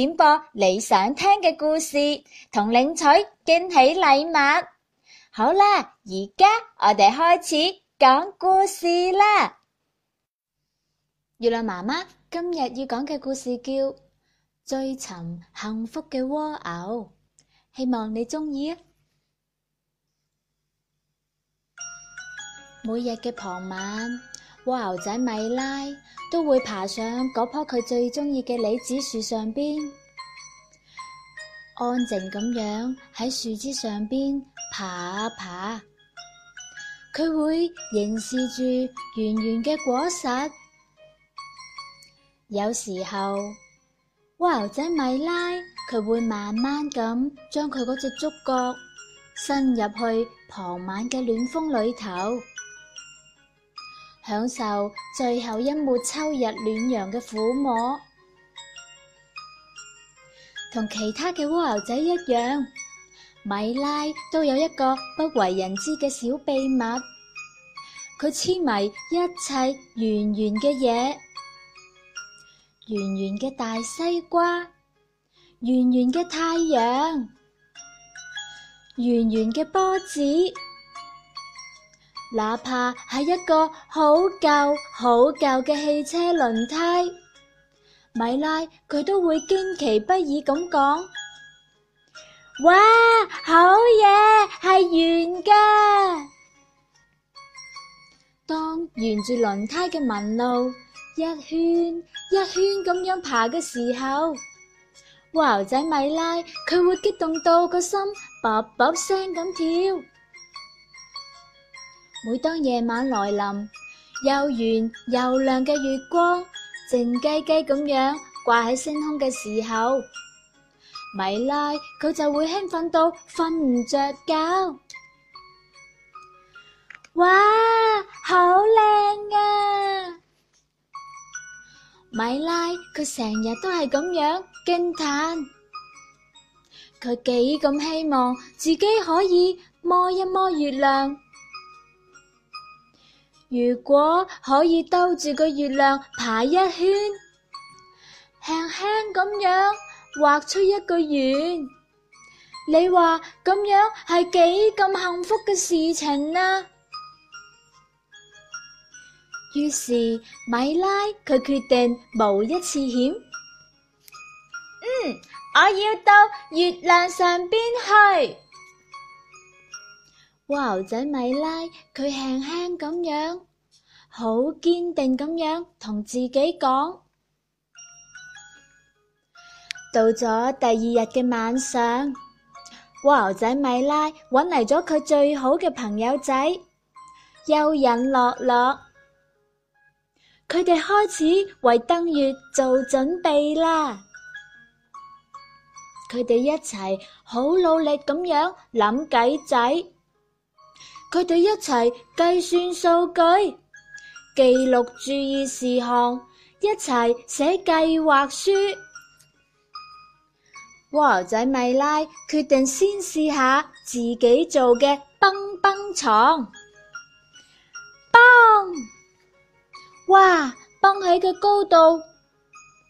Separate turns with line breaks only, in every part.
點播你想聽嘅故事，同領取驚喜禮物。好啦，而家我哋開始講故事啦。月亮媽媽今日要講嘅故事叫《追尋幸福嘅蝸牛》，希望你鍾意啊！每日嘅傍晚。蝸牛仔米拉都會爬上嗰棵佢最中意嘅李子樹上邊，安靜咁樣喺樹枝上邊爬啊爬。佢會凝視住圓圓嘅果實。有時候，蝸牛仔米拉佢會慢慢咁將佢嗰隻觸角伸入去傍晚嘅暖風裏頭，享受最後一抹秋日暖陽嘅撫摸，同其他嘅蝸牛仔一樣，米拉都有一個不為人知嘅小秘密。佢癡迷一切圓圓嘅嘢，圓圓嘅大西瓜，圓圓嘅太陽，圓圓嘅波子。哪怕係一個好舊好舊嘅汽車輪胎，米拉佢都會驚奇不已咁講：哇，好嘢，係圓嘅！當沿住輪胎嘅紋路一圈一圈咁樣爬嘅時候，蝸牛仔米拉佢會激動到個心卟卟聲咁跳。每當夜晚來臨，又圓又亮嘅月光靜雞雞咁樣掛喺星空嘅時候，米拉佢就會興奮到瞓唔着覺。哇，好靚啊！米拉佢成日都係咁樣驚嘆，佢幾咁希望自己可以摸一摸月亮。如果可以兜住個月亮爬一圈，輕輕咁樣畫出一個圓，你話咁樣係幾咁幸福嘅事情啊？於是米拉佢決定冒一次險。嗯，我要到月亮上邊去。蝸牛仔米拉佢輕輕咁樣，好堅定咁樣同自己講。到咗第二日嘅晚上，蝸牛仔米拉搵嚟咗佢最好嘅朋友仔幽隱樂樂，佢哋開始為登月做準備啦。佢哋一齊好努力咁樣諗計仔。佢哋一齊計算數據，記錄注意事項，一齊寫計劃書。蝸牛仔米拉決定先試下自己做嘅蹦蹦床，蹦！哇，蹦起嘅高度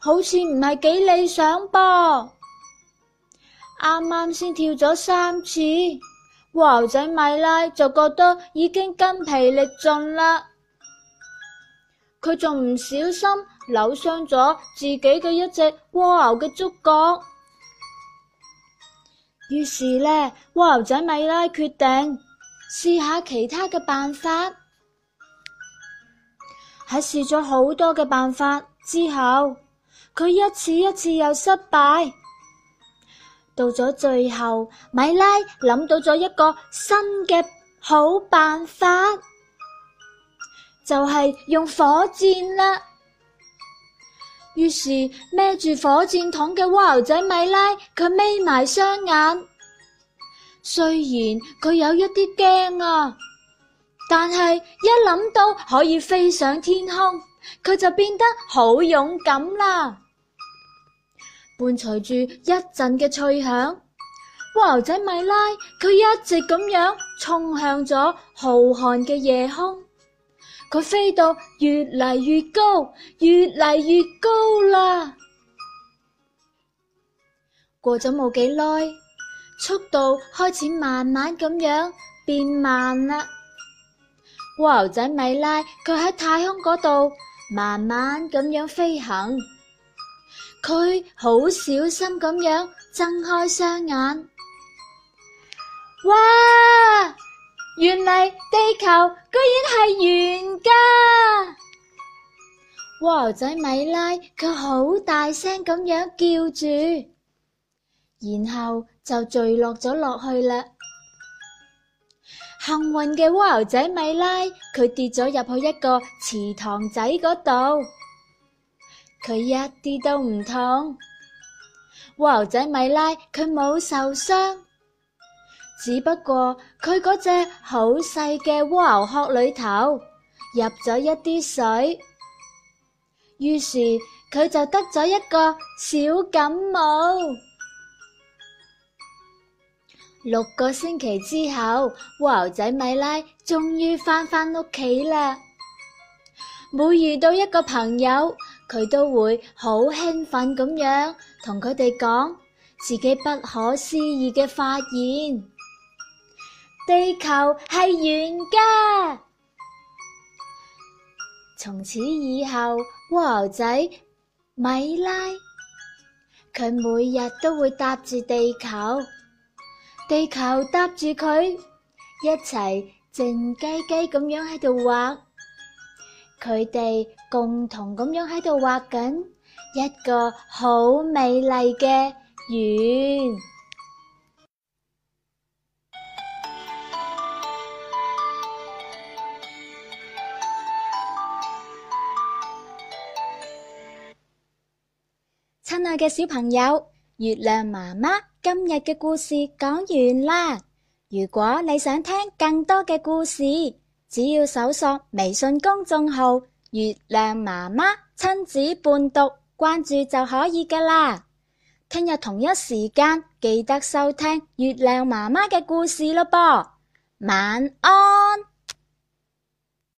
好似唔係幾理想噃，啱啱先跳咗三次。蝸牛仔米拉就覺得已經筋疲力盡啦，佢仲唔小心扭傷咗自己嘅一隻蝸牛嘅觸角。於是呢，蝸牛仔米拉決定試下其他嘅辦法。喺試咗好多嘅辦法之後，佢一次一次又失敗。到咗最後，米拉諗到咗一個新嘅好辦法，就係用火箭啦。於是孭住火箭筒嘅蝸牛仔米拉，佢眯埋雙眼。雖然佢有一啲驚啊，但係一諗到可以飛上天空，佢就變得好勇敢啦。伴隨住一陣嘅脆響，蝸牛仔米拉佢一直咁樣衝向咗浩瀚嘅夜空，佢飛到越嚟越高，越嚟越高啦。過咗冇幾耐，速度開始慢慢咁樣變慢啦。蝸牛仔米拉佢喺太空嗰度慢慢咁樣飛行。佢好小心咁樣睜開雙眼，哇！原嚟地球居然係圓噶！蝸牛仔米拉佢好大聲咁樣叫住，然後就墜落咗落去啦。幸運嘅蝸牛仔米拉佢跌咗入去一個池塘仔嗰度。佢一啲都唔痛，蝸牛仔米拉佢冇受傷，只不過佢嗰隻好細嘅蝸牛殼裏頭入咗一啲水，於是佢就得咗一個小感冒。六個星期之後，蝸牛仔米拉終於翻返屋企啦，每遇到一個朋友，佢都會好興奮咁樣同佢哋講自己不可思議嘅發現，地球係圓噶。從此以後，蝸牛仔米拉，佢每日都會搭住地球，地球搭住佢，一齊靜雞雞咁樣喺度畫。佢哋共同咁樣喺度畫緊一個好美麗嘅圓。親愛嘅小朋友，月亮媽媽今日嘅故事講完啦。如果你想聽更多嘅故事。只要搜索微信公眾號《月亮媽媽親子伴讀》，關注就可以噶啦。聽日同一時間記得收聽月亮媽媽嘅故事咯，噃。晚安。